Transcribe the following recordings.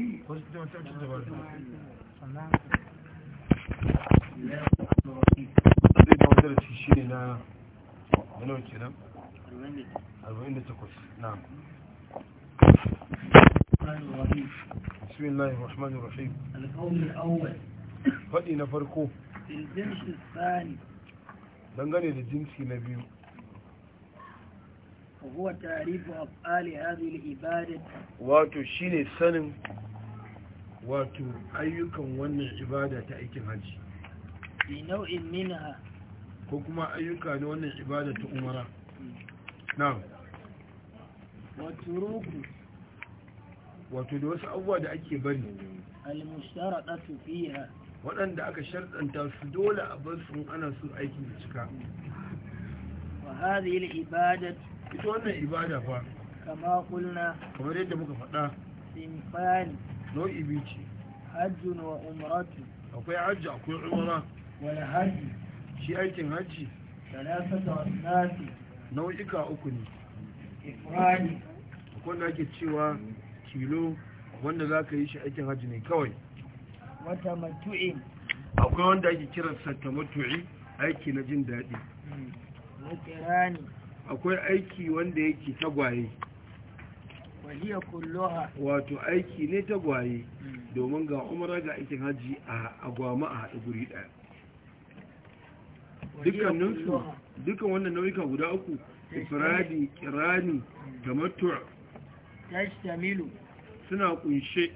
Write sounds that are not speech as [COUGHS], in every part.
zai ta wajen ci shi ne na wani wace nan? 48 na'am بسم الله الرحمن الرحيم القول الأول فدي نفرقو الجنس الثاني دنغني الجنس نبي وهو تعريف أفعال هذه العبادة واتو شيني سنن wato ayyukan wannan ibada ta aikin hajji bi nau'in minha ko kuma ayyuka na wannan ibada ta umara na'am wato ruku wato da wasu abubuwa da ake bari al-mushtaradatu fiha waɗanda aka sharɗanta su dole a bar su ana su aikin da cika wa hadhihi al ibadatu ita wannan ibada fa kama kulna kamar yadda muka faɗa sinfani nau'i biyu ce hajjun wa Umaratu. akwai hajji akwai umara wani hajji shi aikin hajji talatata nasi nau'ika uku ne ifrani akwai da ake cewa kilo wanda za ka yi shi aikin hajji ne kawai wata matu'i akwai wanda ake kiran sata matu'i aiki na jin daɗi hmm. akwai aiki wanda yake tagwaye wato aiki ne ta gwaye hmm. domin ga umara ga aikin hajji a agwama a haɗe guri ɗaya dukkan wannan nau'ikan guda uku ifradi kirani da hmm. matu'a suna kunshe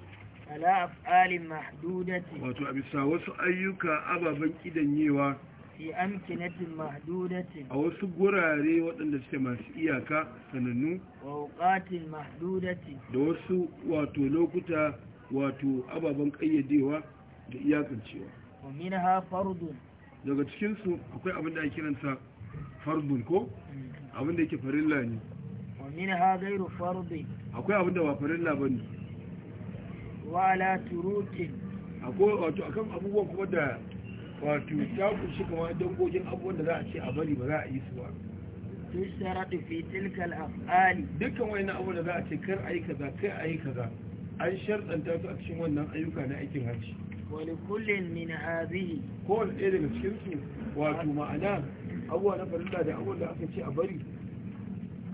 ala af'alin mahdudatin wato a bisa wasu ayyuka ababen kidanyewa fi amkinatin mahdudatin a wasu gurare waɗanda suke masu iyaka sanannu wa wukatin mahdudatin da wasu wato lokuta wato ababen ƙayyadewa da iyakancewa wa ha fardun daga cikinsu akwai abin da ake kiranta fardun ko mm. abin da yake farilla ne wa ha gairu fardin akwai abin da ba farilla ne wa la turukin akwai wato akan abubuwan kuma da wato ta kushi kuma dangogin abubuwan da za a ce a bari ba za a yi su ba tusharatu fi tilkal af'ali dukkan wani abu da za a ce kar a yi kaza kai a yi kaza an sharɗanta su a cikin wannan ayyuka na aikin hajji wani kullum min hazihi kowane ɗaya daga cikin su wato ma'ana abuwa na farilla da abuwa da aka ce a bari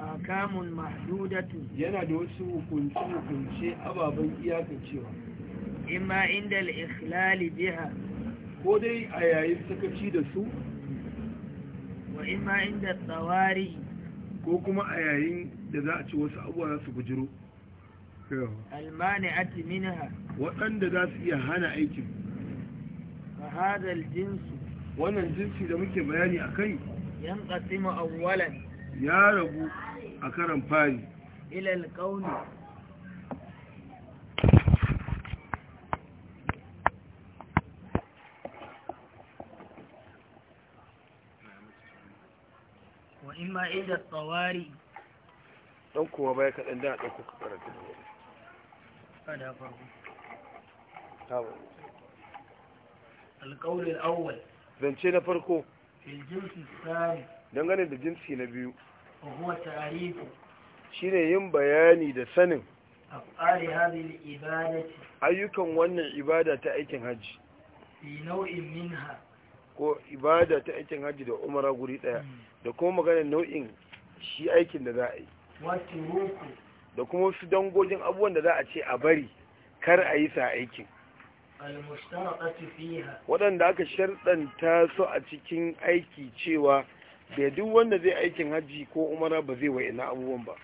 A kamun mahdudatu yana da wasu hukunce hukunce ababen iyakancewa imma inda al-ikhlali biha ko dai a yayin sakaci da su wa ima inda tsawari ko kuma a yayin da za a ci wasu abuwa za su bujiro almani ati waɗanda za su iya hana aikin fa hadal jinsu wannan jinsi da muke bayani a kai yan ƙasima awwalan ya rabu a karan fari Ilal ƙauni. mimma inda tsawari ɗan kuma baya kaɗan da ɗan kuka karanta da wani kada farko tawo alƙawlin awwal zance na farko fil jinsi sami dangane da jinsi na biyu A huwa Shi ne yin bayani da sanin af'ali hadhihi al-ibadati ayyukan wannan ibada ta aikin hajji fi nau'in minha ko ibada ta aikin hajji da umara guri daya hmm. da kuma maganar nau'in shi aikin da za a yi da kuma su dangogin abubuwan da za a ce a bari kar a yi sa aikin waɗanda aka sharɗanta su a cikin aiki cewa da duk wanda zai aikin hajji ko umara ba zai wa ina abubuwan ba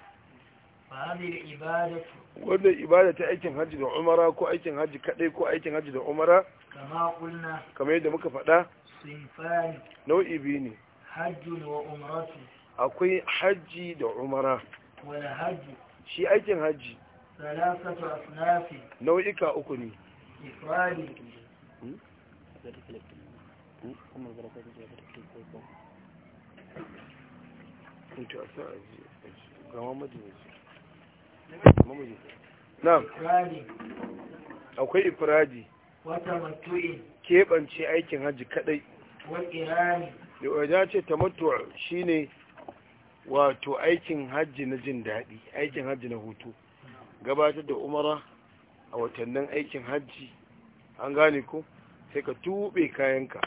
wanda ibada ta aikin hajji da umara ko aikin hajji kaɗai ko aikin hajji da umara kama yadda muka faɗa sinfani nau'i biyu ne wa akwai hajji da umara wani hajji shi aikin hajji salasatu nau'ika uku ne ifradi akwai ifradi keɓance aikin hajji kaɗai da wajen ce tamattu shi ne wato aikin hajji na jin daɗi aikin hajji na hutu gabatar da umara a watannin aikin hajji an gane ku sai ka tuɓe kayanka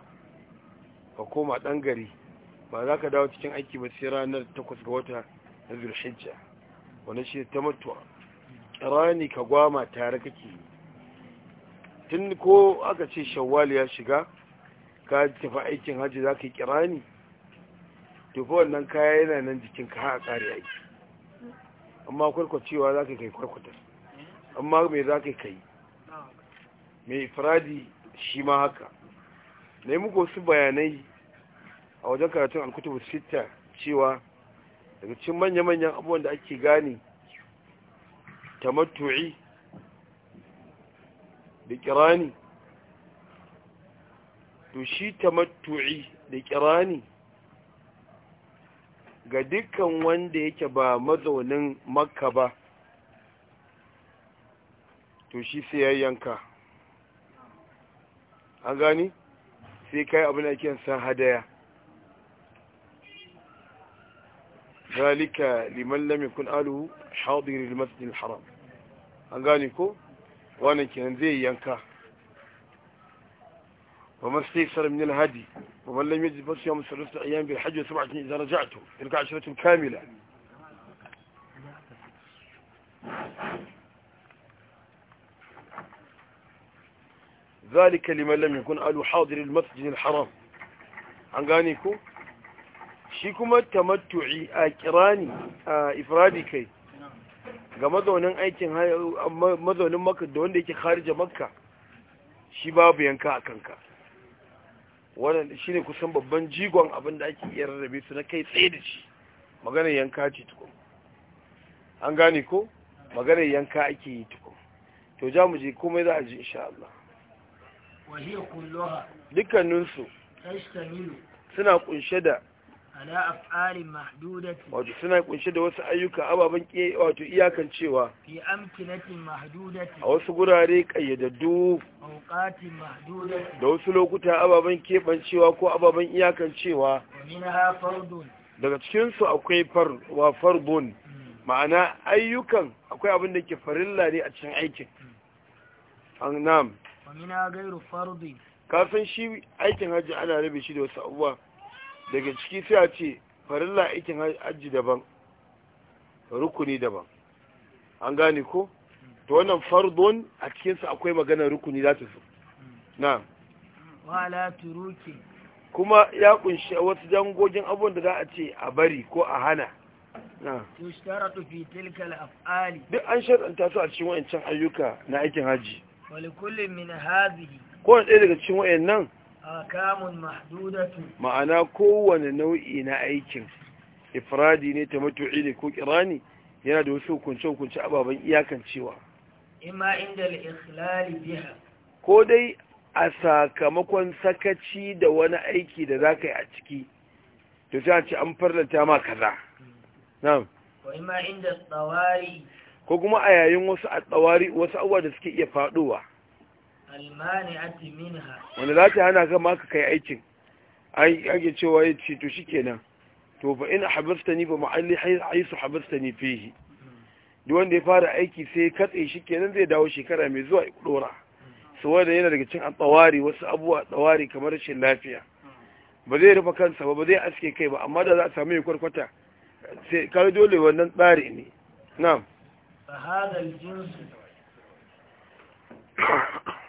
ka koma ɗan gari ba za ka dawo cikin aiki ba sai ranar takwas ga wata na zulhijja wani shi ta mutuwa rani ka gwama tare kake yi tun ko aka ce shawwal ya shiga ka tafi aikin hajji za ka yi kirani tufa wannan kaya yana nan jikin ka a ƙari aiki amma kwarkwacewa za ka kai kwarkwatar amma mai za ka kai mai faradi shi ma haka na yi muku wasu bayanai a wajen karatun alkutubu sita cewa daga cikin manya-manyan abubuwan da ake gane tamattu'i da kirani to shi tamattu'i da kirani ga dukkan wanda yake ba mazaunin makka ba to shi sai ya yanka an gani sai kai abin da ake san hadaya ذلك لمن لم يكن أهله حاضر المسجد الحرام an gane ko wannan kenan zai yanka wa masai sarar min alhadi wa mallam yaji basu yamu sarar su ayyan bil hajji sabu a cikin izara ja'atu ilka ashiratun kamila ذلك لمن لم يكن اهل حاضر المسجد الحرام ان غانيكو شي كما التمتعي اقراني افرادي كاي ga mazaunin aikin mazaunin makka da wanda yake kharija makka shi babu yanka a kanka wannan shine kusan babban jigon abinda da ake iya rarrabe su na kai tsaye da shi maganar yanka ce tukun an gane ko maganar yanka ake yi tukun to ja mu je komai za a ji insha Allah dukkaninsu suna kunshe da ala af'alin mahdudatin wato suna kunshe da wasu ayyuka ababen ke wato iyakan cewa fi amkinati mahdudati a wasu gurare kayyadaddu awqati mahdudati da wasu lokuta ababen bancewa ko ababen iyakan cewa minha fardun daga cikin su akwai far wa farbun hmm. ma'ana ayyukan akwai abin da ke farilla ne a cikin aikin an nam wa minha ghairu fardin kafin shi aikin hajji ana rabe shi da wasu abubuwa daga ciki sai a ce farilla aikin hajji daban rukuni daban an gane ko to wannan fardun a sa akwai magana rukuni za ta so na wala turuki kuma ya kunshi wasu jangogin abubuwan da za a ce a bari ko a hana na tushtaratu fi tilka al-af'ali duk an sharanta su a cikin wayancin ayyuka na aikin haji wal kullu min hadhihi ko ɗaya daga cikin wayannan ma'ana kowane nau'i na aikin ifradi ne ta matu'i ne ko kirani yana da wasu hukunce-hukunce ababen iyakancewa ima inda al'ikhlali biha ko dai a sakamakon sakaci da wani aiki da za ka yi a ciki to sai a ce an farlanta ma kaza mm. na'am ko ima inda tsawari ko kuma a yayin wasu a tsawari wasu abubuwa da suke iya faduwa wani za ta hana gama ka kai aikin ake cewa ya ce to shikenan to ina in ni ba ma'alli haisu ni fihi duk wanda ya fara aiki sai ya katse shi kenan zai dawo shekara mai zuwa ya su wanda yana daga cin tsawari wasu abubuwa tsawari kamar rashin lafiya ba zai rufe kansa ba ba zai aske kai ba amma da za a samu yi kwarkwata sai kawai dole wannan tsari ne na'am [COUGHS]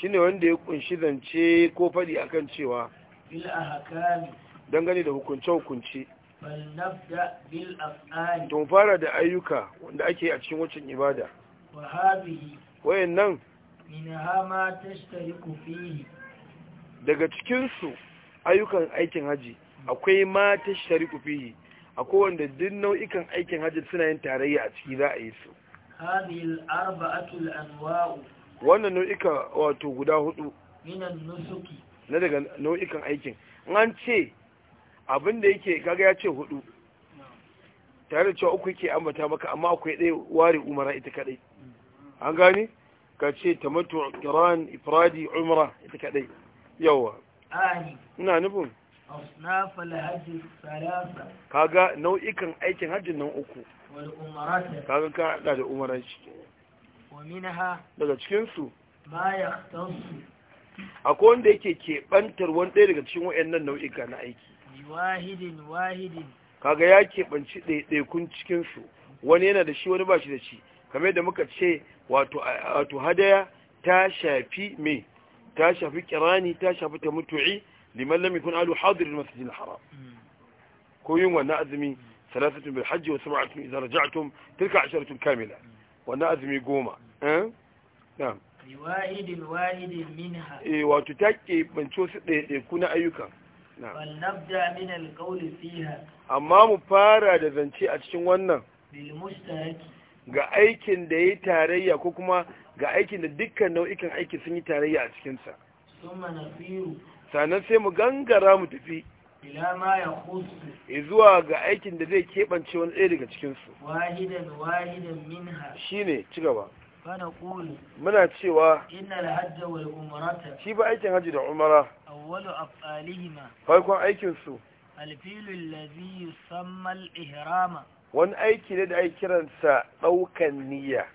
shine wanda ya kunshi zance ko fadi akan cewa bil ahkami dangane da hukunce hukunce bal nabda bil af'ali to fara da ayyuka wanda ake a cikin wacin ibada wa hadhihi wayannan minha ma tashtariku fihi daga cikin su ayyukan aikin haji akwai ma tashtariku fihi akwai wanda duk nau'ikan aikin haji suna yin tarayya a ciki za a yi su hadhihi al arba'atu wannan nau'ika wato guda hudu na daga nau'ikan aikin an ce abinda yake kaga ya ce hudu tare da cewa uku yake ambata maka amma akwai ɗaya ware umara ita kadai an gani ka ce tamattu kiran ifradi umara ita kadai yawa ina nufin kaga nau'ikan aikin hajjin nan uku kaga ka da shi daga cikinsu akwai wanda yake keɓantar wani ɗaya daga cikin wa'annan nau'ika na aiki kaga ya keɓanci ɗaiɗaikun cikinsu wani yana da shi wani ba shi da shi kamar da muka ce wato hadaya ta shafi mai ta shafi kirani ta shafi ta mutu'i liman lam yakun alu hadir al-masjid al-haram hmm. ko yin wannan azumi salatatu bil hajji wa sab'atun idza raja'tum tilka kamila hmm. wannan azumi goma Eh? na'am liwahidin wahidin minha eh wato take banco su ɗaiɗaiku na ayyukan فلنبدا من القول فيها amma mu fara da zance a cikin wannan bil mustaraki ga aikin da yi tarayya ko kuma ga aikin da dukkan nau'ikan aiki sun yi tarayya a cikin sa summa nafiru Sannan sai mu gangara mu tafi ila ma ya khusu zuwa ga aikin da zai keɓance wani ɗaya daga cikinsu. Wahidan, wahidan wahidan minha shine ci gaba muna cewa shi ba aikin hajji da umara farkon aikinsu wani aiki ne da ake kiransa ɗaukan niyya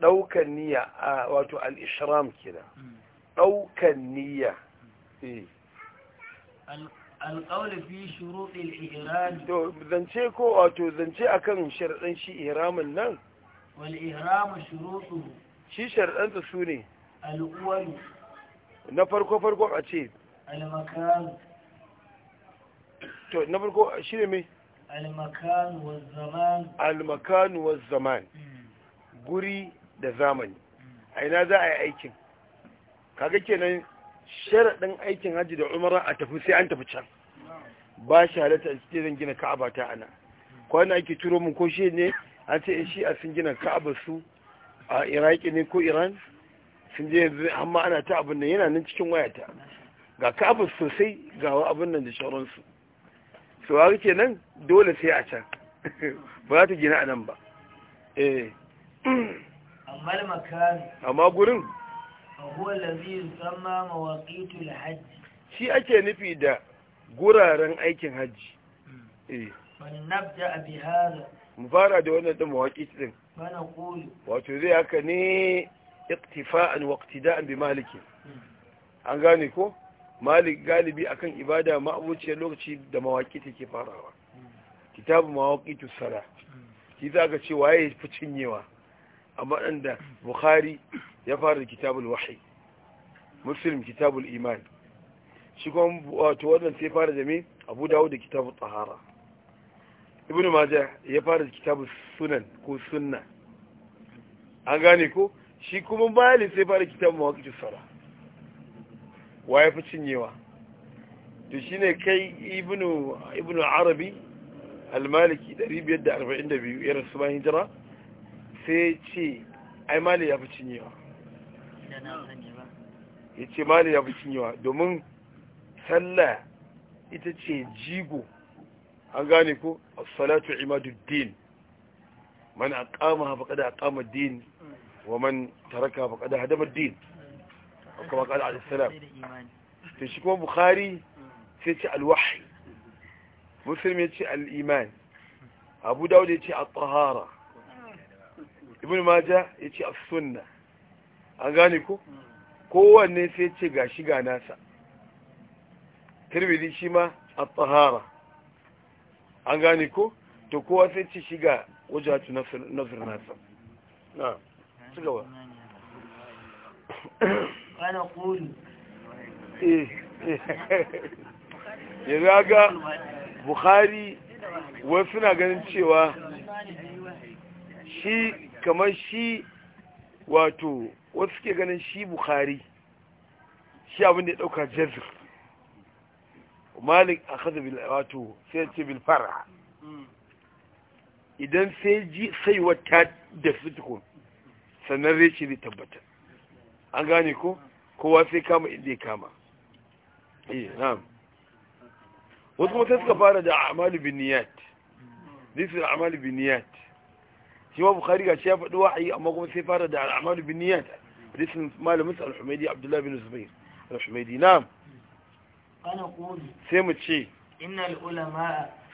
ɗaukan niyya a wato al'ishram kira, ɗaukan niyya alƙaunar fi shuruɗin ihirami zance ko wato zance akan sharaɗin shi ihiramin nan wal ihram shurutu shi sharɗanta su ne al na farko farko a ce al-makan to na farko shi ne me al-makan wa zaman al-makan wa zaman guri da zamani a ina za a yi aikin kaga kenan sharaɗin aikin haji da umara a tafi sai an tafi can ba shi halatta a cikin zan gina ka'aba ta ana kwana ake turo mun ko shi ne an ce in a sun gina ka'aba su a iraki ne ko iran sun je yanzu amma ana ta abin nan yana nan cikin wayata ga ka'aba sosai ga abin nan da shauransu su haka rike nan dole sai a can [LAUGHS] ba za ta gina a nan ba eh. amma gurin shi ake nufi da guraren aikin hajji eh mu fara da wannan din mawaki din wato zai haka ne iktifa'an wa iktida'an bi maliki an gane ko malik galibi akan ibada ma'abuciyar lokaci da mawaki take farawa kitabu mawaki tusara shi za ka ce waye fi cinyewa amma dan da bukhari ya fara da kitabul wahyi muslim kitabul iman shi kuma wato wannan sai fara da me abu dawo da kitabul tahara ibn majah ya fara kitabu sunan ko sunna an gane ko shi kuma bayali sai fara kitabu mawaƙi sala wa ya fi cinyewa to shine kai ibn arabi almaliki 542 ya rasu bayan hijira sai ce ai mali ya fi cinyewa ya ce mali ya fi cinyewa domin sallah ita ce jigo an gane ko as-salatu imaduddin man hafa kada aqama ad-din wa man taraka hafa kada hadama ad-din kuma kada alayhi salam ta shi kuma bukhari sai ce al-wahyi muslim ya ce al-iman abu dawud ya ce a tahara ibn majah ya ce a sunna an gane ko kowanne sai ce gashi ga nasa tirmidhi shi ma a tahara an gane ko to kowa sai ci shiga wajatu na nasa na su gaba kana kuri eh, eh. ya ga bukhari wasu na ganin cewa shi kamar shi wato wasu ke ganin shi bukhari shi abin da ya dauka jezir malik akhadha bil wato sai ce fara, idan sai ji sai wata da fitikun sannan reshe ne tabbata an gane ko kowa sai kama inda ya kama eh na'am wasu kuma sai suka fara da amalu bin niyat this amalu bin niyat shi ma bukhari ga shi ya faɗi wa'ayi amma kuma sai fara da amalu bin niyat this is malamin al-humaydi abdullahi bin zubair al-humaydi na'am sai mu ce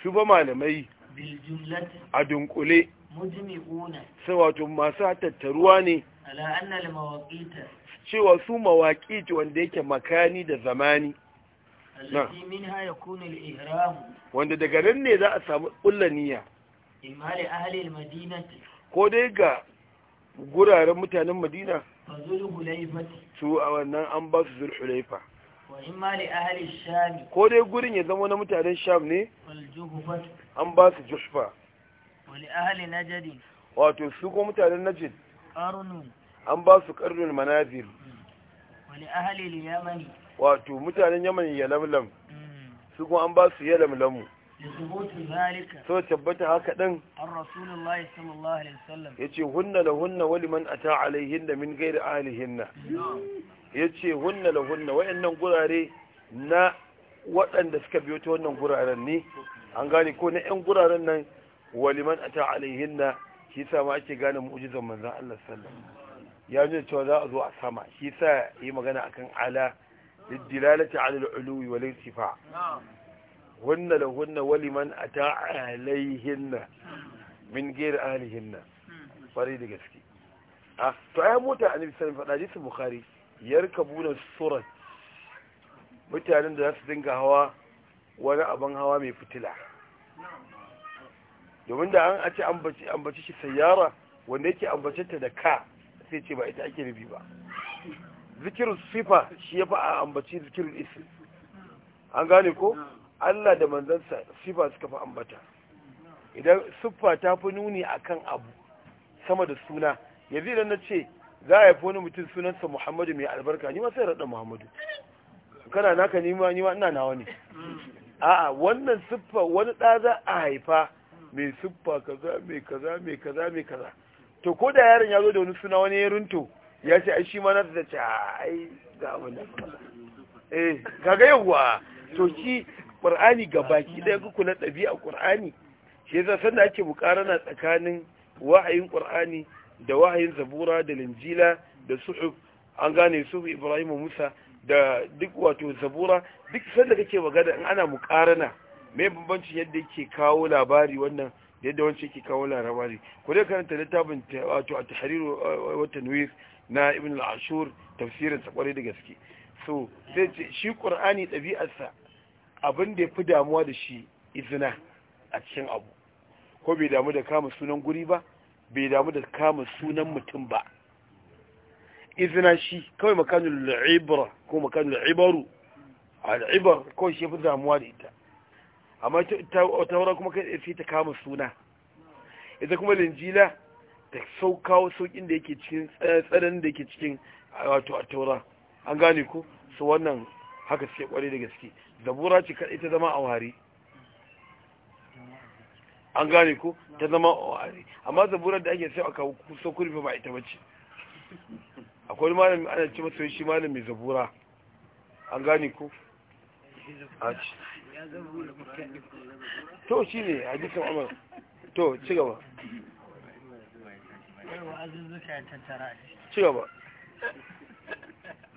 su ba malamai a dunkule sai wato masu tattaruwa ne cewa su mawaƙiti wanda yake makani da zamani wanda daga nan ne za a samu ƙullaniya ko dai ga guraren mutanen madina su a wannan an ba su zulhulaifa ko dai gurin ya zama na mutanen sham ne an ba su jushfa wato su ko mutanen najid an ba su karnin manazir mm. wato mutanen yaman ya lamlam mm. su ko an ba su ya lamlamu so tabbata haka ɗin ya ce hunna da hunna wali man a ta alaihin da min gaira ahalihin na mm. ya ce hunna lahunna wayannan gurare na waɗanda suka biyo ta wannan guraren ne an gane ko na 'yan guraren nan waliman a ta alaihinna shi sa ma ake gane mu'ujizan manzan Allah sallam ya nuna cewa za a zo a sama shi sa yi magana akan ala lidilalati ala al'uluwi wal irtifa hunna hunna waliman a ta alaihinna min gairi ahlihinna fare da gaske a ah, to ai mota annabi sallallahu alaihi wasallam faɗa hadisin bukhari da surat mutanen da za su dinga hawa wani abin hawa mai fitila domin da an ace ambaci shi sayara wanda yake ambacinta da ka sai ce ba ita ake nufi ba zikirin sifa shi ya fi a ambaci zikirin isi an gane ko allah da manzansa sifa suka fi ambata idan siffa ta fi nuni akan abu sama da suna yanzu idan na ce za a yafi wani mutum sunansa muhammadu mai albarka ni ma sai raɗa muhammadu kana naka nima nima ina nawa ne a'a wannan siffa wani ɗa za a haifa mai siffa kaza mai kaza mai kaza mai kaza to ko da yaron ya zo da wani suna wani ya runto ya ce ai shi ma na da ce ai ga abin da eh kaga yawa to shi qur'ani gabaki ɗaya kuku kula ɗabi'a qur'ani shi yasa sanda ake mukarana tsakanin wa'ayin qur'ani da wahayin zabura da linjila da suhuf an gane su ibrahim musa da duk wato zabura duk sanda kake magana in ana mukarana mai bambancin yadda yake kawo labari wannan yadda wancan yake kawo labari ku dai karanta littafin wato a tahriru uh, wa tanwir na ibn al-ashur tafsirin sa da gaske so sai ce shi qur'ani dabi'arsa abin da yafi damuwa da shi izina a cikin abu ko bai damu da kama sunan guri ba bai damu da kama sunan mutum ba izina shi kawai makanin al'ibra ko makanin a la'ibar kawai shi fi damuwa da ita amma ta wura kuma kai sai ta kama suna ita kuma linjila ta saukawo saukin da yake cikin tsananin da yake cikin wato a taura an gane ku su wannan haka sai kware da gaske zabura ce kaɗai ta zama a wari an gane ko ta zama owari amma zaburar da ake sai a kawo kusa kurfi ba ita bace akwai malami ana ce masa shi malami zabura an gane ko a ci to shi ne a jikin amur to ci gaba ci gaba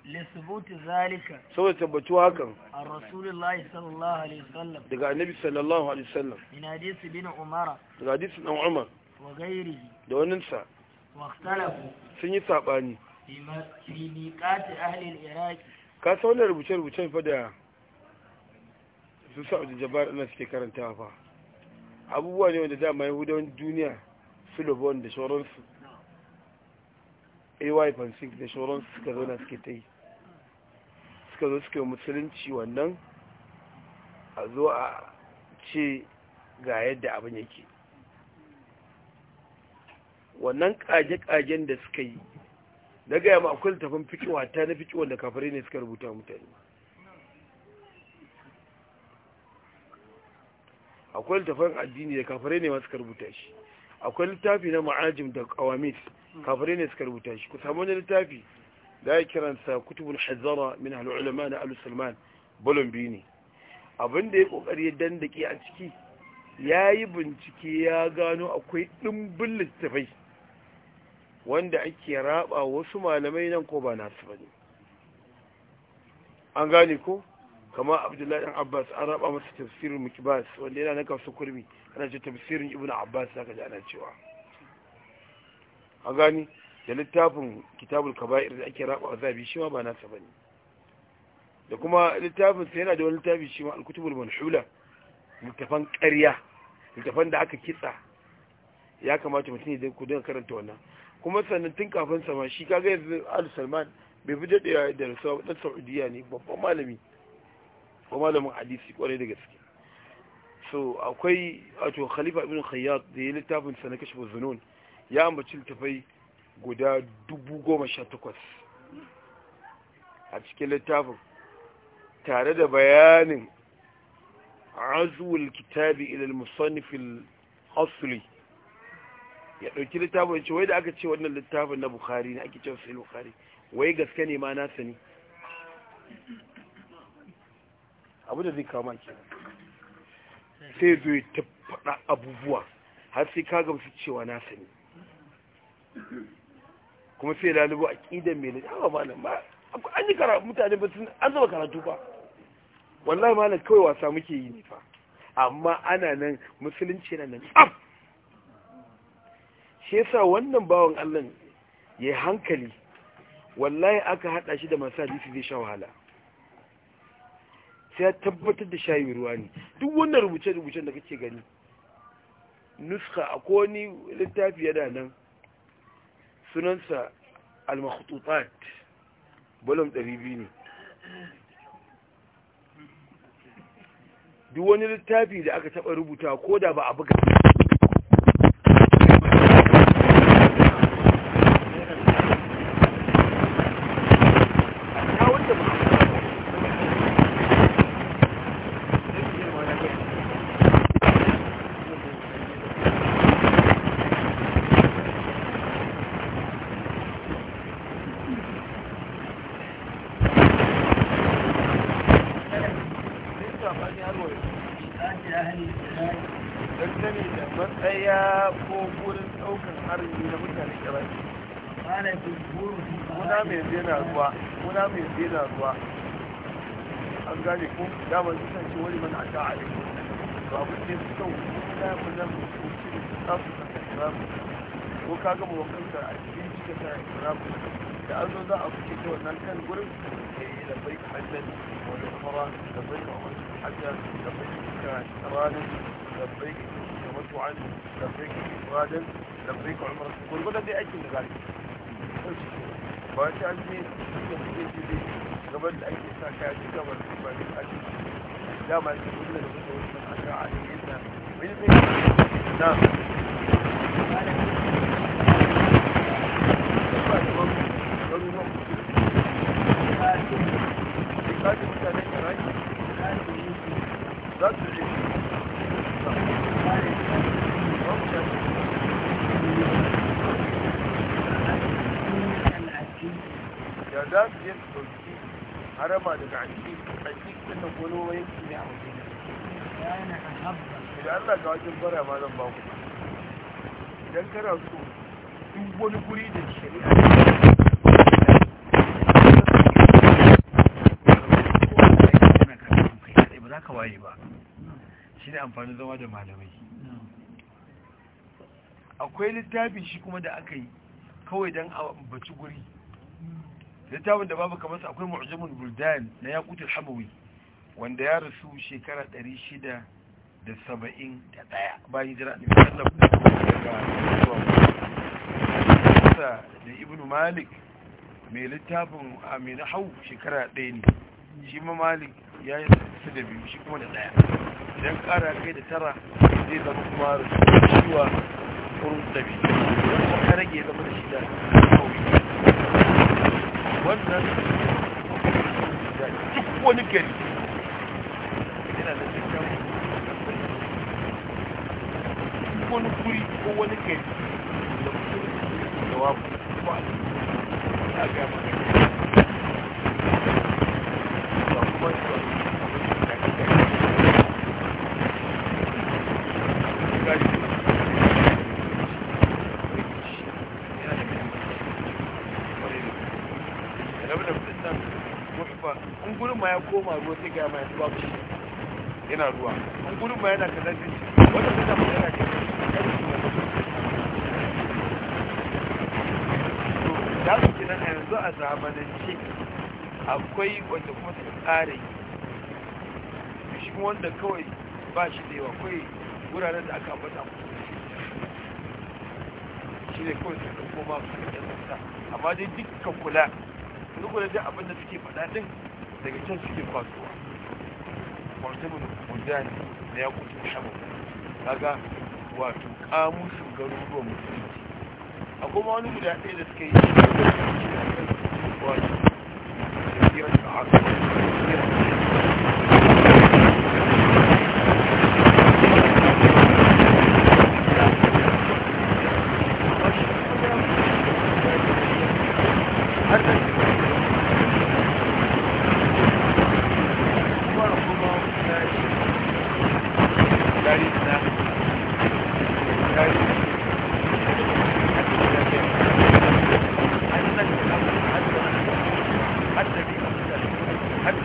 lisubuti zalika saboda tabbatu hakan a rasulullahi sallallahu alaihi sallam. daga annabi sallallahu alaihi sallam. min hadisi bin umara daga hadisi dan umar wa gairihi da wannan sa wa sun yi saɓani. fi miqati ahli al ka san wani rubuce rubucen fa da su sa'ud jabbar ana suke karanta fa abubuwa ne wanda dama yahudawan duniya su lobon da shoransu ay fansik da shoransu suka zauna suke ta yi suka zo suka yi musulunci wannan a zo a ce ga yadda abin yake wannan kage-kagen da suka yi na gaya ma akwai littafin fikiwa ta na fikiwa da kafirai ne suka rubuta mutane akwai littafin addini da kafirai ne ma suka rubuta shi akwai littafi na ma'ajim da kawamis kafirai ne suka rubuta shi ku samu wani littafi da ya kiransa kutubul hazara min al'ulama na al-sulman bolon biyu ne abinda ya kokari ya dandake a ciki ya yi bincike ya gano akwai ɗimbin littafai wanda ake raba wasu malamai nan ko ba na ba ne an gane ko kama abdullahi ɗan abbas an raba masa tafsirin mukibas wanda yana na kasu kurmi ana ce tafsirin ibnu abbas za ka ji ana cewa an gane da littafin kitabul kaba'ir da ake raba azabi shi ma ba nasa bane da kuma littafin sa yana da wani littafi shi ma al-kutubul manhula littafan ƙarya littafan da aka kitsa ya kamata mutum ya ku dinga karanta wannan kuma sannan tun kafin sa ma shi kaga yanzu al-Salman bai fi daɗewa da rasuwa Saudiya ne babban malami ko malamin hadisi kwarai da gaske so akwai wato Khalifa ibn Khayyat da ya littafin sa na kashfu zunun ya ambaci littafai guda dubu goma sha takwas a cikin littafin tare da bayanin azuwal kitabi ilal musannifil asuli ya ɗauki littafin ce wai da aka ce wannan littafin na bukari na ake cewa sai bukari wai gaske ne ma nasa ne abu da zai kama ke sai zai ta abubuwa har sai ka gamsu cewa nasa ne kuma sai lalubo aqidan mai lafiya ba malam ba an yi karatu mutane ba sun an zama karatu ba wallahi malam kawai wasa muke yi ne fa amma ana nan musulunci na nan tsaf shi yasa wannan bawan Allah ya hankali wallahi aka haɗa shi da masu hadisi zai sha wahala sai ya tabbatar da shayi ruwa ne duk wannan rubuce-rubucen da kake gani nuska a wani littafi yana nan sunansa al-makhtutat bolom 200 ne duk wani littafi da aka taba rubuta ko da ba a buga نعم da za su je su ɗauki harama daga antik antik ɗin da gano yanki ne a wajen idan Allah ga wajen bara ma zan ba ku idan kana so duk wani guri da shari'a za ka waye ba shi ne amfani zama da malamai akwai littafin shi kuma da aka yi kawai don a baci guri littafin da babu kamar akwai mu'ajamun buldan na yakutul hamawi wanda ya rasu shekara 671 bayan jira ne ba ta da ibn malik mai littafin amina hau shekara ɗaya ne shi ma malik ya yi su da biyu shi kuma da ɗaya idan ƙara kai da tara zai zama kuma rasuwa kurun da biyu kuma ka rage zama da shida wannan duk wani gari yana da kyakkyawan wani ko wani gari da da a ya ga kuma koma ruwa sai ga mai yana ruwa gudun ma yana kallon wata wanda zai zama yana ke da su nan a yanzu a zamanance akwai wanda kuma su tsari shi wanda kawai ba shi da yawa kawai wuraren da aka bata shi ne kawai su koma su kan yanzu amma dai dukkan kula duk kula da abin da suke faɗa daga can suke kwaso martabin mujani da ya kusa shabu kaga wato kamushin garuruwan musulunci a kuma wani guda ɗaya da suka yi wato da biyar da haka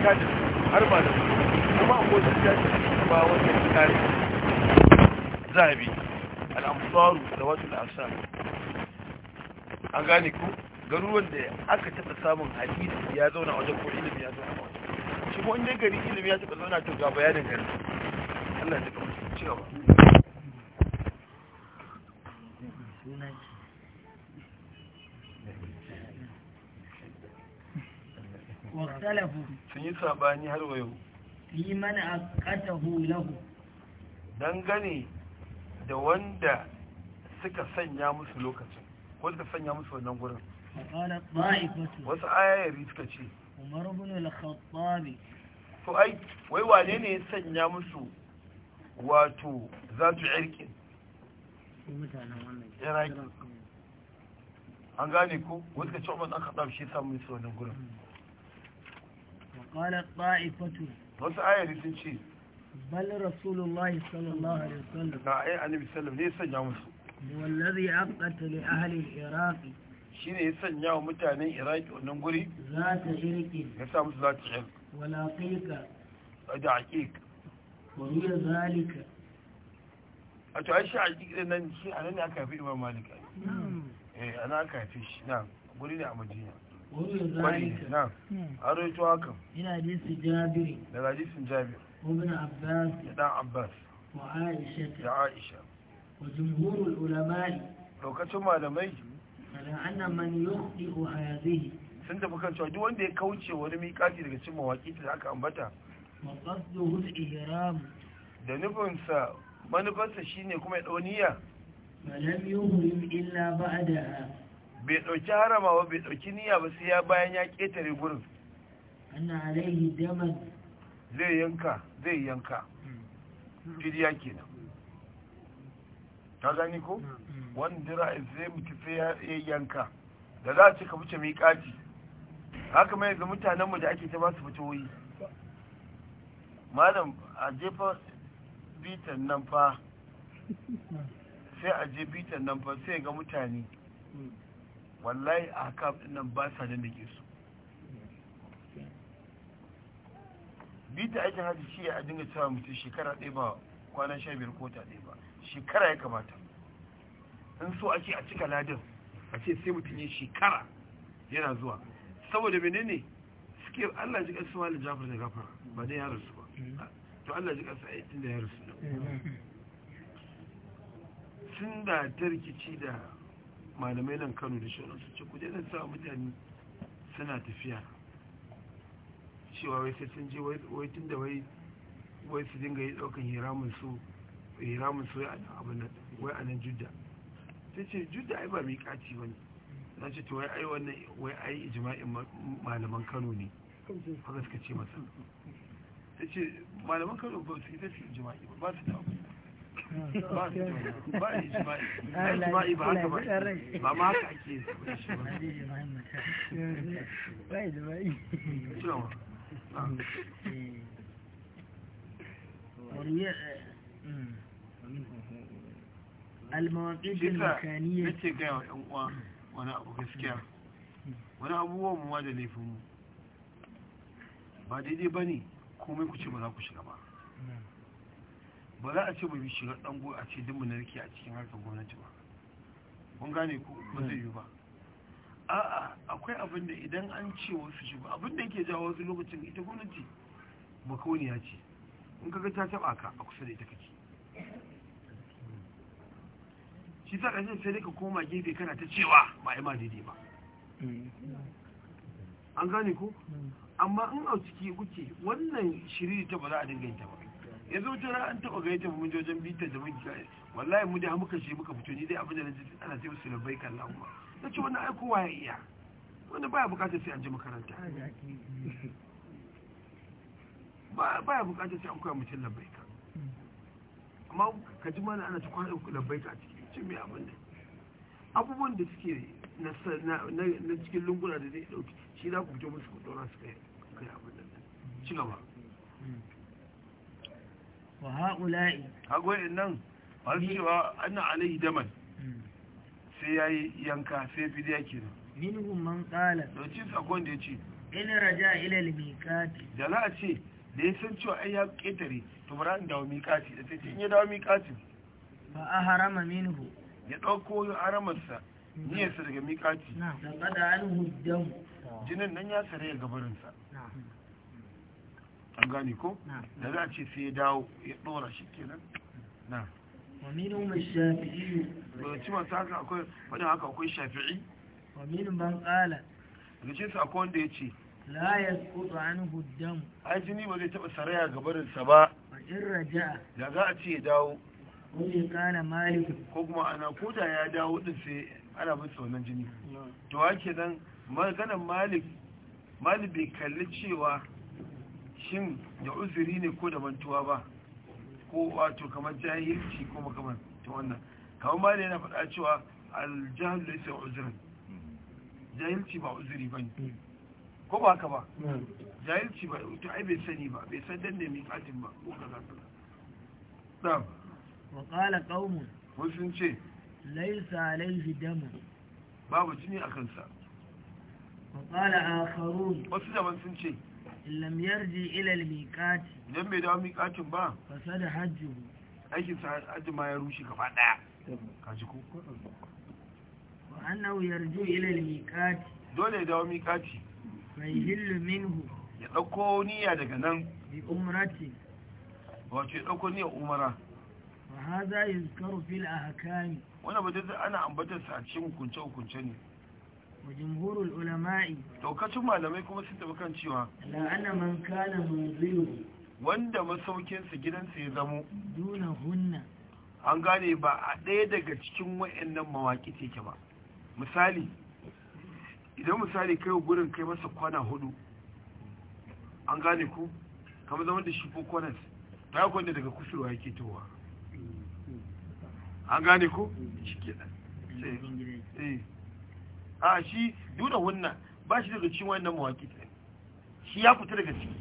jaji har ma da kuma akwai jaji ba wanda ya kare zabi al'amfaru da wata al'asa an gane ku garuruwan da aka taɓa samun hadisi ya zauna wajen ko ilimi ya zauna wajen shi ko inda gari ilimi ya taɓa zauna to ga bayanin gari Allah ya taɓa ci gaba واختلفوا sun yi sabani har wayo fi man aqatahu lahu dangane da wanda suka sanya musu lokacin ko suka sanya musu wannan gurin wasu ayayari suka ce umar ibn al-khattab to ai wai wane ne ya sanya musu wato zatu irkin iraki an gane ko wasu ka ce umar dan khattab shi samun su wannan gurin hmm. قالت طائفة wasu ayari sun ce eh, bal rasulullahi sallallahu alaihi annabi ne sanya musu ya sanya wa mutanen Iraki wannan guri za ta shirki ya sa musu za ta shirki wala qiqa da aqiq wa hiya zalika a to ai shi aqiq din nan shi nan ne aka fi eh ana aka fi shi na guri ne a madina wani na hmm. a roito hakan yana jinsin jabiri daga jinsin jabir wabin abbas da abbas wa aisha da aisha wa jumhurul ulama'i lokacin malamai ala anna man yukhdi hadhihi sun tafi kan cewa duk wanda ya kauce wani miƙaci daga cikin mawaƙi da aka ambata maqasduhu al-ihram da nufinsa manufarsa shine kuma ya dauniya malam yuhrim illa bai ɗauki harama ba bai ɗauki niyya ba sai ya bayan ya ƙetare gurin ana alaihi daman zai yanka zai yanka ke hmm. kenan ta gani ko hmm. Hmm. wanda ra'ayi zai mutu sai ya yanka da za a cika wuce mai kaji haka mai ga mutanenmu da ake ta ba su yi malam a jefa bitan nan fa [LAUGHS] sai a je bitan nan fa sai ga mutane wallahi a haka nan ba sa nan da ke su bita aikin hajji shi a dinga cewa mutum shekara ɗaya ba kwanan sha biyar ko ta ɗaya ba shekara ya kamata in so ake a cika ladin a ce sai mutum ya shekara yana zuwa saboda menene suke allah ji ƙasa wani jafar da gafara ba dai ya rasu ba to allah ji ƙasa tun da ya rasu sun da tarkici da malamai nan kano da shi su ce kuje zan sa mutane suna tafiya cewa wai sai sun je wai tun da wai wai su dinga yi daukan hiramun su su wai a nan judda ta ce judda ai ba mai kaci ba ne na ce ta wai ai wannan wai ai ijima'in malaman kano ne kuma suka ce masu ta ce malaman kano ba su yi ta su ijma'i ba su da abu wani abubuwan muwa da laifinmu. mu ba daidai ba ne komai ku ce ba za ku shiga ba hmm. ba za a ce ba bi shiga dango a ce na rike a cikin harkar gwamnati ba kun gane ku, ba zai yi ba a'a akwai abin da idan an ce wasu shi abin da yake jawo wasu lokacin ita gwamnati makauniya ce in kaga ta taba ka a kusa da ita kake shi ta ƙarshen sai dai ka koma gefe kana ta cewa ba a ma daidai ba an gane ko mm. amma in a ciki kuke wannan shiri ta ba za a dinga ta ba yanzu zo ran an taɓa gaita mu wajen bita da mun kiyaye wallahi mu da muka shi muka fito ni dai abin da na ji ana sai musu labai kan lahuma na ce wannan ai kowa ya iya wanda baya bukatar sai an ji makaranta baya bukatar sai an koya mutum labai ka amma ka ji mana ana ta kwana uku labai ka a cikin ce mai abin da abubuwan da suke na cikin lunguna da zai ɗauki shi za ku fito musu ku ɗora su kai abin da ci gaba wa ha'ula'i hagwai nan masu cewa ana alaihi daman mm. sai ya yi yanka sai fidiya kenan minhum man qala to ci sakon da yace in raja ila al miqat da a ce da ya san cewa ai ya ketare to bara in dawo miqati da sai in ya dawo miqati fa ahrama minhu ya dauko ya haramarsa niyyarsa daga miqati kada an nan ya sare gabarinsa an gane ko da za a ce sai ya dawo ya dora shi kenan na ومنهم ci masu haka akwai wani haka akwai shafi'i ومنهم من قال لكن akwai wanda ya yace la yasqutu anhu dam ai jini ba zai taba saraya gabarin sa ba in raja'a da za a ce ya dawo wani kana malik ko kuma ana koda ya dawo din sai ana bin sa wannan jini to hake nan maganan malik malik bai kalli cewa shin da uzuri ne ko da mantuwa ba ko wato kamar jahilci ko makamar ta wannan kamar ma ne yana faɗa cewa aljahil da isa uzurin jahilci ba uzuri ba ne ko ba ka ba jahilci ba to ai bai sani ba bai san danne mai fatin ba ko ka ba ɗan wa qala qaumun sun ce laisa laifi damu babu jini a kansa wa a akharun wasu zaman sun ce lam yarji ila al-miqati dan bai dawo miqatin ba fasada hajju aikin sa hajji ma ya rushe gaba daya kaji ko wa annahu yarju ila al-miqati dole ya dawo miqati fa yihillu minhu ya dauko niyya daga nan bi umrati wato ya dauko niyya umara wa hadha yuzkaru fil ahkam wannan ba ana ambatar sa a cikin hukunce hukunce ne wajimhurul ulama'i daukacin malamai kuma sun tafi kan cewa la'ana man kana manzilu wanda masaukinsa gidansa ya zamo duna hunna an gane ba a ɗaya daga cikin wa'annan mawaƙi teke ba misali idan misali kai gurin kai masa kwana hudu an gane ku kama zama da shi ko kwanas ta kwanda daga kusurwa yake towa an gane ku shi ke sai eh. a shi duna wannan ba shi daga cikin wannan mawaki shi ya fita daga ciki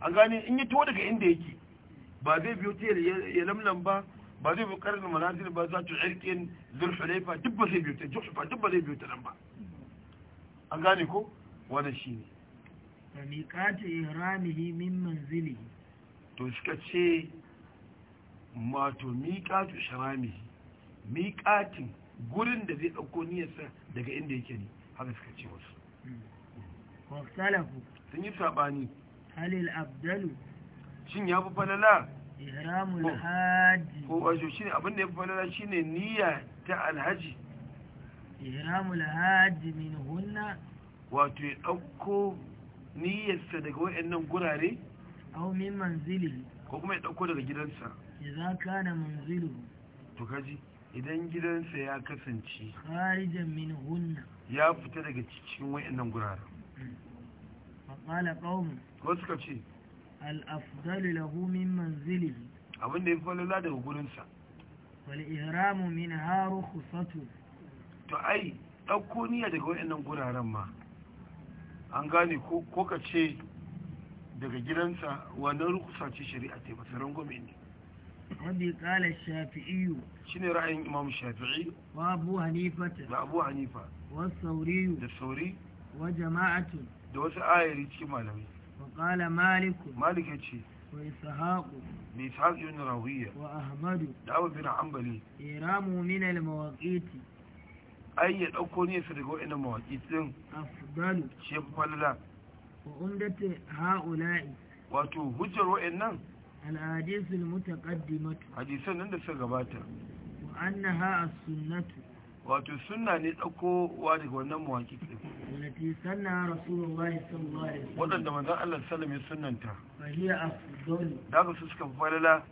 an gane in yi to daga inda yake ba zai biyo ta ya lamlam ba ba zai biyo karin manazir ba za ta irkin zulhulaifa duk ba zai biyo ta juhufa duk ba zai biyo ta nan ba an gane ko wannan shi ne miƙatu ihramihi min manzili to suka ce mato miƙatu ihramihi miƙatin gurin da zai ɗauko niyarsa daga inda yake ne haka suka ce wasu sun yi saɓani halil abdalu shin ya fi falala ihramul haji ko wajo shine abinda ya fi falala shine niyya ta alhaji ihramul haji min hunna wato ya ɗauko niyyarsa daga waɗannan gurare au min manzili ko kuma ya ɗauko daga gidansa idan kana manzilu to kaji idan gidansa ya kasance harijan min hunna ya fita daga cikin wayannan guraren qala qaum wasu ka ce al afdalu lahu min manzilihi abin da yafi falala daga gurin sa wal ihramu min haru khusatu to ai dauko niyya daga wayannan guraren ma an gane ko ko ka ce daga gidansa wannan rukusa ce shari'a ta masarar gwamnati wabi kala shafi'iyu ne ra'ayin imam shafi'i wa abu hanifa da abu hanifa wa sauriyu da sauri wa jama'atu da wasu ayari cikin malamai wa kala maliku malik ya ce wa ishaqu da ishaq ibn rawiya wa ahmadu da abu bin hanbali iramu min al mawaqiti ai ya dauko ne su daga wa'annan mawaqitin afdalu shi falala wa umdatu ha'ula'i wato hujjar wa'annan al'adisul nan da suka gabata wa annaha as wato suna ne dauko wa daga wannan muwaki din lati sanna wadanda Allah sallallahu alaihi wasallam sunnanta fa su suka falala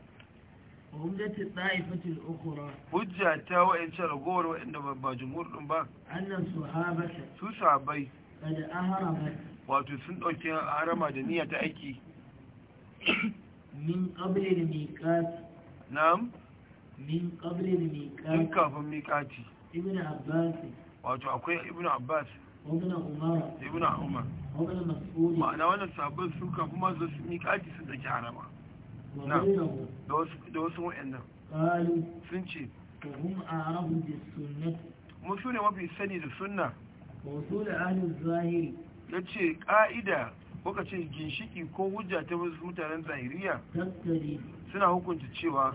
الطائفة الأخرى هجة تاوى إن شاء رغور وإن با جمهور با أن الصحابة سو صحابي قد أهرمت واتو سن أوكي min qablil miqat Nam? min qablil miqat in kafin miqati ibn abbas wato akwai ibn abbas ibn umar ibn umar ibn mas'ud ma'ana wannan sabon su kafin ma su miqati sun dake harama Nam? da wasu da wasu wa'annan qalu sun ce hum a'rafu bis sunnah mu sune mafi sani da sunna wa usul ahli zahiri yace ka'ida kuka ce ginshiki ko hujja ta wasu mutanen zahiriya suna hukunta cewa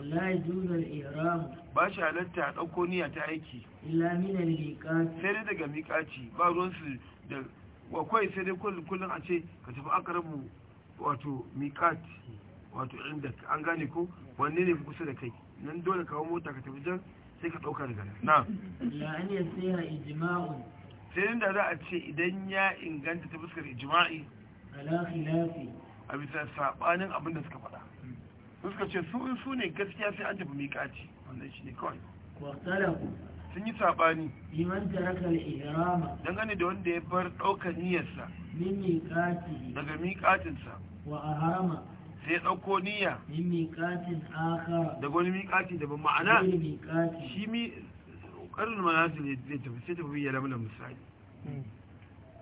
ba shi halatta a ɗauko niyya ta aiki sai dai daga miƙaci ba ruwansu da wakwai sai dai kullum a ce ka tafi akarabu wato miƙaci wato inda an gane ko wanne ne kusa da kai nan dole kawo mota ka tafi jan sai ka ɗauka daga na sai da za a ce idan ya inganta ta fuskar ijima'i a bisa saɓanin abin da suka faɗa suka ce su su ne gaskiya sai an tafi miƙaci wannan shi ne kawai sun yi saɓani dangane da wanda ya bar ɗaukar niyyarsa daga miƙacinsa sai ya ɗauko niyya daga wani miƙaci daban ma'ana shi mi ƙarin manazil ne tafi sai tafi yi ya lamuna misali hmm.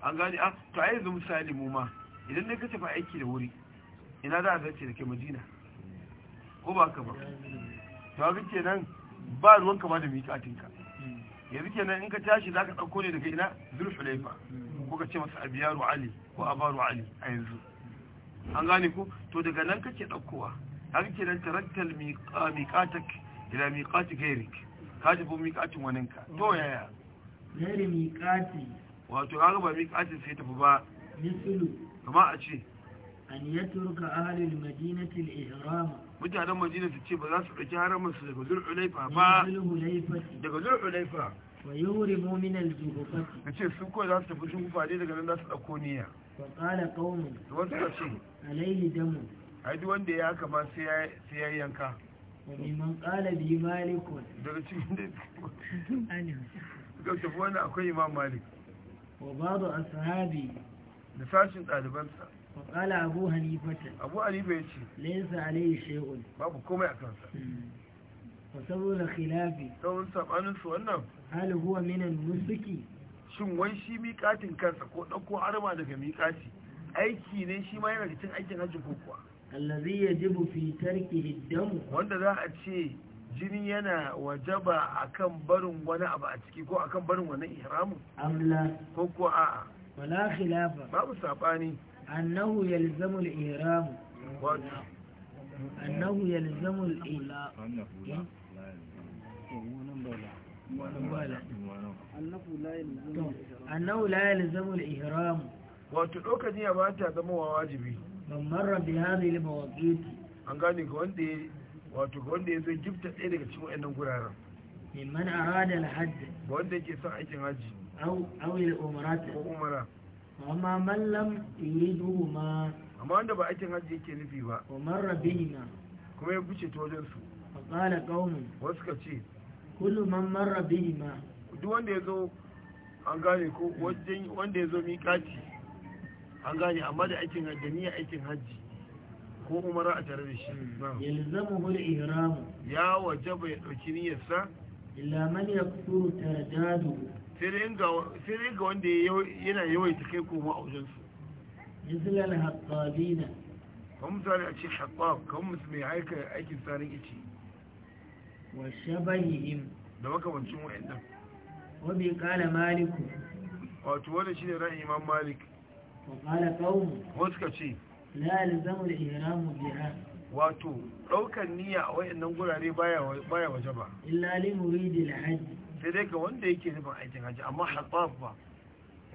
an gani ah, a ta yi zu misali mu ma idan ne ka tafi aiki da wuri ina za a zarce da ke madina ko ba ka ba ta ke nan ba ruwan kama da ya yanzu nan in ka tashi za ka ɗauko ne daga ina laifa ko ka ce masa abiyaru ali ko ba ali a yanzu an gane ko to daga nan ka kake ɗaukowa har kenan tarattal miƙatak ila miƙati gairik ka tafi miƙatin waninka to yaya gairi miƙati wato ka ba miƙatin sai tafi ba misulu kama a ce an yi turka ahalin madinatil ihrama mutanen madina su ce ba za su ɗauki haramun su daga zul'ulaifa ba daga zul'ulaifa wa yi wuri mominal zuhufati a ce sun kawai za su tafi zuhufa ne daga nan za su ɗauko niyya wa ƙala ƙaunin wasu ka ce alaihi damu ai wanda ya kama sai ya yanka wa miman ƙala bi malikun daga cikin da [LAUGHS] suka tafi wani akwai imam malik wa ba da ashabi da sashin ɗalibansa kala abu hanifata abu hanifa ya ce laisa alayhi shay'un babu komai a kansa Ba saboda khilafi sauran sabanin wannan hal huwa minan al-nusuki shin wai shi miƙatin kansa ko ɗauko arma daga miƙati aiki ne shi ma yana cikin aikin hajji ko kuwa allazi ji fi tarkihi dam wanda za a ce jini yana wajaba akan barin wani abu a ciki ko akan barin wani ihramin amla ko ko a'a wala خلاف babu sabani انه يلزم al انه يلزم yalzamu انه لا يلزم la wato lokacin ya ba ta zama wajibi ban marra bi hadhihi al-mawaqit an gane Ga wanda wato wanda ya gifta ɗaya daga cikin waɗannan guraren mimman arada al-hajj wanda yake son aikin haji. أو au umrata umara amma man lam yuridu ma amma wanda ba aikin hajji yake nufi ba umar rabina kuma ya buce ta wajen su qala qaumun wasu ka ce kullu man marra bihima duk wanda ya zo an gane ko wajen wanda ya hajji ko umara a tare da shi yalzamu hul ihram ya wajaba ya dauki sa illa man yaqturu tarjadu sai dai wanda yana yawaita kai koma a wajensu jisilar haƙaɗina kan misali a ce haƙaɗ kan musu mai aika aikin tsarin ice wa shabahihim da makamancin wa'annan wabi ƙala maliku wato wanda shi ne ra'ayin iman malik wa ƙala ƙaunu wasu ka ce la alzamu da ihramu biya. wato ɗaukar niyya a wa'annan gurare baya waje ba illa li muridi al sai dai ga wanda yake nufin aikin hajji amma hatsaf ba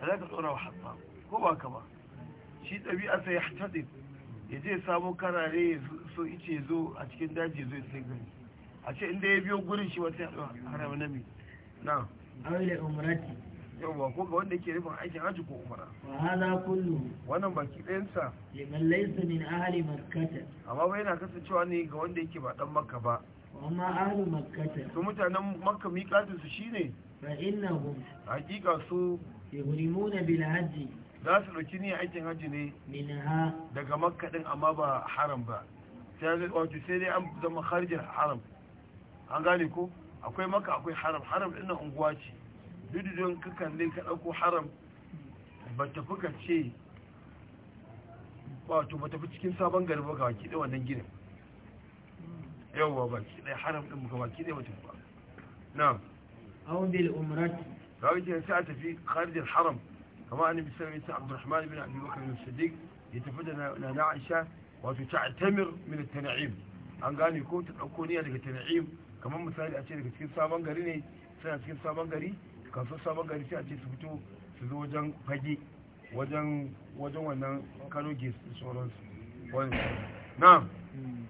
ya za ka tsora wa hatsaf ko ba ka ba shi ɗabi'a sai ya hatsaf ya je samu karare so ice zo a cikin daji zo sai gari a ce inda ya biyo gurin shi wata yaɗuwa harama na mi na aure umarati yawwa ko ga wanda yake nufin aikin hajji ko umara wa hada kullu wannan baki ɗayansa liman laysa min ahli makkah amma bai yana kasancewa ne ga wanda yake ba dan makka ba amma ahlu makkata su mutanen makka miƙatin su shine ne innahum haƙiƙa su yuhrimuna bil hajji za su ɗauki niyyar aikin hajji ne minha daga makka din amma ba haram ba sai wato sai dai an zama kharijin haram an gane ko akwai makka akwai haram haram din unguwa ce don ka kalle ka ɗauko haram ba ta fuka ce wato ba ta fi cikin sabon gari ba ga wakilin wannan ginin yawwa baki ɗaya haram ɗin muka baki ɗaya mutum ba na aubil umrati kawai ce sai a tafi kharijin haram kama an bi sarari ta abdurrahman bin abu bakar bin sadiq ya tafi da na aisha wato ta tamir min tana'im an gane ko ta ɗauko niyya daga tana'im kamar misali a ce daga cikin sabon gari ne suna cikin sabon gari kan kasuwar sabon gari sai a ce su fito su zo wajen fage wajen wajen wannan kano gas da sauransu na'am hmm.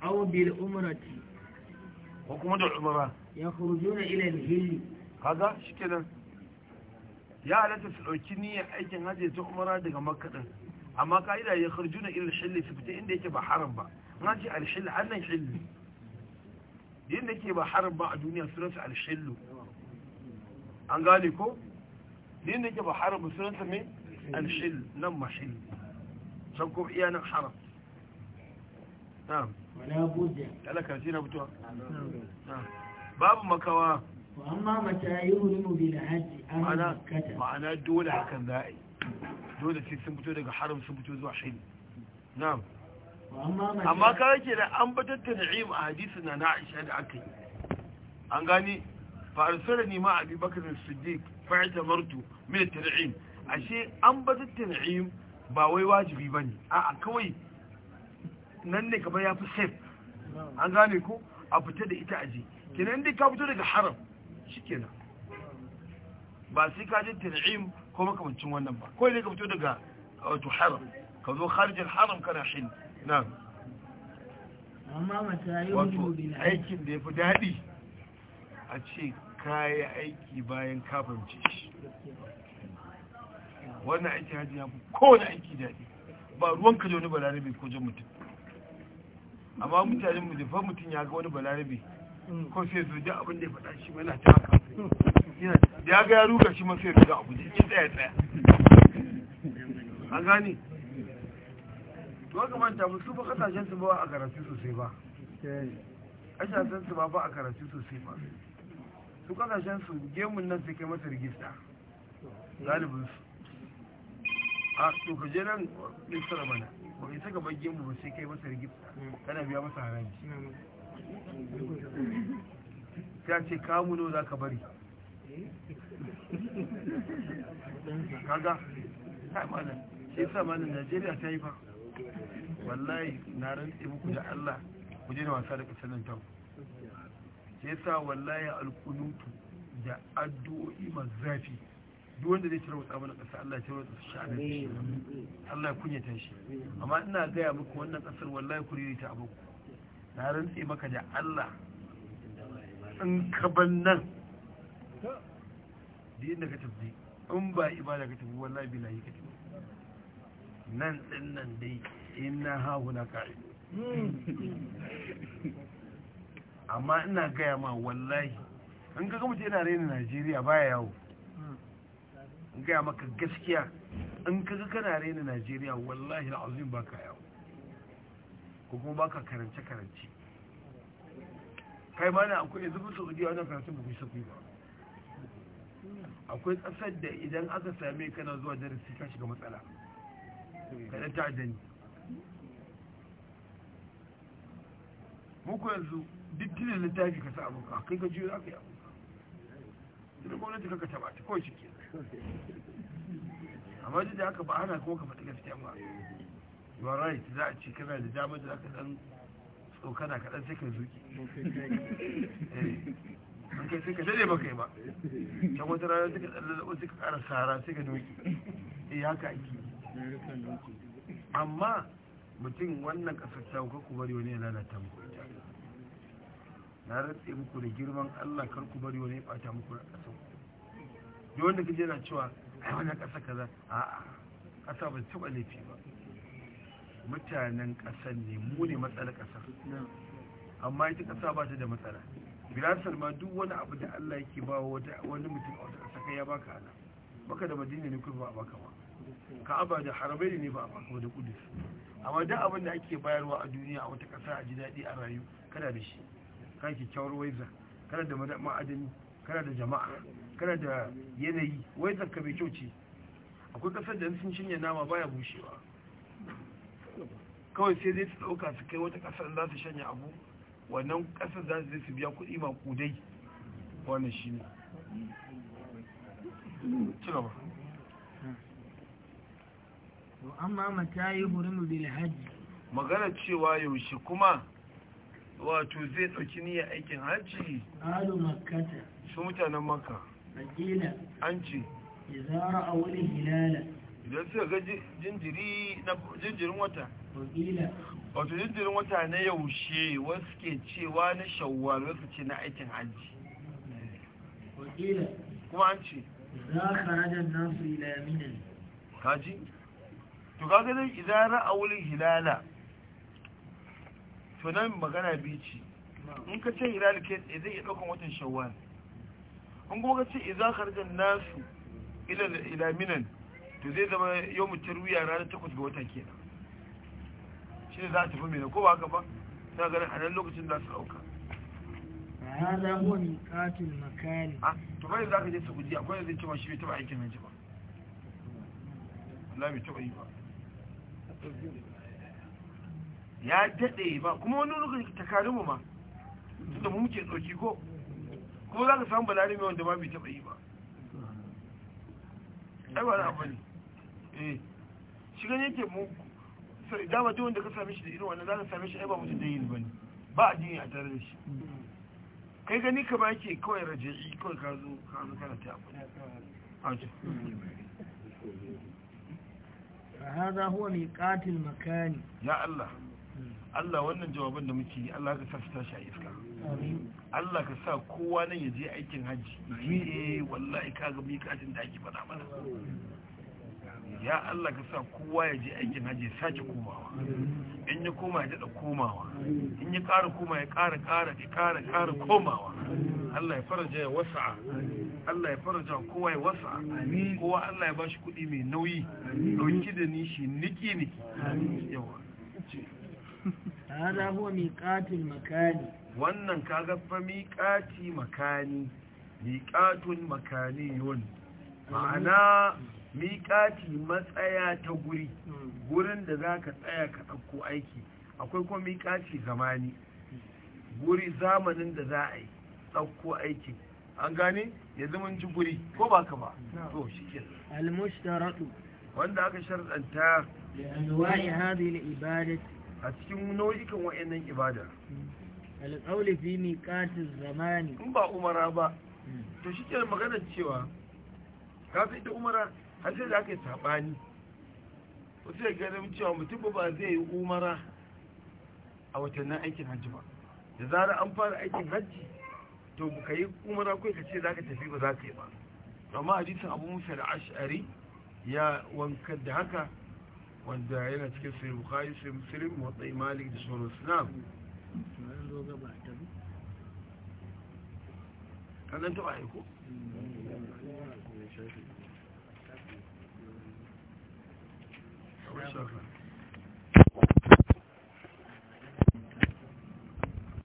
aw bil umrati ko kuma da umra ya khurujuna ila al hill kaga shikenan ya halatta su dauki niyyar aikin hajji ta umra daga makka din amma ka'ida ya khurujuna ila al hill su fita inda yake ba haram ba na ce al hill annan hill inda yake ba haram ba a duniya sunansa al hill an gane ko inda yake ba haram sunansa me al hill nan ma hill san kuma iya nan haram babu makawa amma mata yi hurimu bil an ma'ana dole hakan za a yi dole sai sun fito daga haram sun fito zuwa shiri na'am amma kawai ke da an batatta da na'im a hadisi na na aisha da aka yi an gani fa'arsala ne ma abi bakar siddiq ta martu min tan'im ashe an batatta da na'im ba wai wajibi ba ne. a'a kawai nan ne kamar ya fi safe an gane ku a fita da ita aji kenan dai ka fito daga haram shi shikenan ba sai ka je tir'im ko makamancin wannan ba ko ne ka fito daga wato haram ka zo kharijin haram kana shin na amma mata yau aikin da ya fi daɗi a ce kayi aiki bayan kafance shi wannan aiki hajji ya fi kowane aiki daɗi ba ruwan ruwanka da wani balarabe ko jan mutum amma mutane mu da mutum ya ga wani balarabe hmm. ko sai su da abin da ya faɗa shi mana ta haka ya ga ya ruga shi masu yadda abu ji ji tsaye tsaya an gane to haka manta musu ba kasashen su ba a karatu sosai ba eh. kasashen su ba ba a karatu sosai ba su kasashen su gemun nan sai kai masa rigista galibin su a to ka je nan ɗin mana ba isa ga bagin mu sai kai masa rigifta hmm. kana biya masa haraji ta ce kamu za ka bari kaga ta mana sai sa mana najeriya ta yi fa wallahi na rantsi muku da allah ku je wasa da kasar nan sai sa wallahi alkunutu da addu'o'i mazafi. duk wanda zai cire wutsa mana ƙasa Allah ya cire wutsa shi Allah ya kunyata shi amma ina gaya muku wannan ƙasar wallahi ku riri ta abu na rantse maka da Allah in ka ban nan da yadda ka tafi in ba ibada ka tafi wallahi bi ka tafi nan din nan dai ina na ka'i amma ina gaya ma wallahi in ka ga mutum yana raina Najeriya baya yawo gaya maka gaskiya in ka ga kana raina najeriya wallahi al'azim ba ka yawo ko kuma ba ka karance-karance kai ma na akwai yanzu kusa ujiya wajen karatun ba ku ba akwai ƙasar da idan aka same kana zuwa darasi ka shiga matsala ka da ta'adani muku yanzu duk tilin littafi ka sa abu kai ka jiyo aka yi abu gwamnati kaka taba ta kawai shike amma duk da haka ba ana kuma ka faɗi gaskiya ba you are za a ce kana da damar da zaka dan tsokana kaɗan sai ka zuki an eh, kai sai ka dade ba kai ba can wata rana suka tsalle da wasu ka ƙara sara sai ka doki eh haka ake amma mutum wannan ƙasar ta kuka ku bari wani ya lalata muku na rantse muku da girman Allah kar ku bari wani ya ɓata muku na ƙasar da wanda kaje na cewa ai wannan kasa kaza a'a kasa ba taɓa laifi ba mutanen kasa ne mu ne matsalar kasa amma ita kasa ba ta da matsala bilasar ma duk wani abu da Allah yake ba wani mutum a wata kasa kai ya baka ana baka da madina ne kuma ba a baka ba ka aba da harabai ne ba a baka ba da kudus amma duk abin da ake bayarwa a duniya a wata kasa a ji daɗi a rayu kana da shi kana kyakkyawar waiza kana da ma'adani kana da jama'a kana da yanayi wai zakka mai kyau ce akwai kasar da sun cinye nama baya bushewa kawai sai zai su ɗauka su kai wata kasar za su shanya abu wannan kasar za su zai su biya kuɗi kudai wannan shi ne amma mata yi hurin bil hajji magana cewa yaushe kuma wato zai dauki niyyar aikin hajji alu makkata su mutanen makka fakila an izara a wani hilala idan suka ga jinjirin wata wato jinjirin wata na yaushe wasu ke cewa na shawar wasu ce na aikin hajji kuma an ce za a karajar nasu ila minan kaji to kaga gani izara a wani hilala to nan magana bici in ka ce hilal ke zai iya daukan watan shawwal an kuma ce idan harjan nasu ila minan to zai zama yau mu tarwiya ranar 8 ga wata kenan shi za a tafi mina ko ba haka ba na ganin a nan lokacin za su auka hada huwa miqatul makani ah to bai zaka je je Saudiya akwai zai ce ma shi bai aikin nan ba Allah bai yi ba ya dade ba kuma wani lokaci ta karimu ma tunda mu muke dauki ko kuma za ka samu balari mai wanda ba bai taba yi ba ai ba na ne eh shi gani yake mu sai dama duk wanda ka same shi da irin wannan za ka same shi ai ba mutum da yin bane ba addini a tare da shi kai gani ka ba ke kawai raja'i kawai ka zo ka zo kana ta abu هذا هو ميقات المكان يا الله Allah wannan jawaban da muke yi Allah ka sa su tashi a iska Allah ka sa kowa nan ya je aikin hajji ne eh, wallahi ka ga mikatin da ake faɗa mana ya Allah ka sa kowa ya je aikin hajji ya sake komawa in ya koma ya daɗa komawa in ya ƙara koma ya ƙara ƙara ya ƙara ƙara komawa Allah ya faraja ya wasa Allah ya faraja kowa ya wasa kowa Allah ya bashi kuɗi mai nauyi ɗauki da nishi niki niki yawa hada huwa miqatul makani wannan kaga fa miqati makani miqatun makaniyun ma'ana miƙati matsaya ta guri gurin da za ka tsaya ka ɗauko aiki akwai kuma miƙati zamani guri zamanin da za a yi ɗauko aiki an gane ya zama ji guri ko ba ka ba to shi ke almushtaratu wanda aka sharɗanta da anwa'i hadhihi al-ibadati a cikin nau'ikan wa'annan ibada alƙawli fi miƙatin zamani in ba umara ba to shi ke maganar cewa kafin ita umara har sai da aka yi saɓani wasu ya cewa mutum ba zai yi umara a watannin aikin hajji ba da zara an fara aikin hajji to ka yi umara kai ka ce za ka tafi ba za ka yi ba amma hadisin abu musa da ash'ari ya wankar da haka والداعين كسر البخاري مسلم وطي مالك دسور الإسلام هل أنت أعيكم؟ شكرا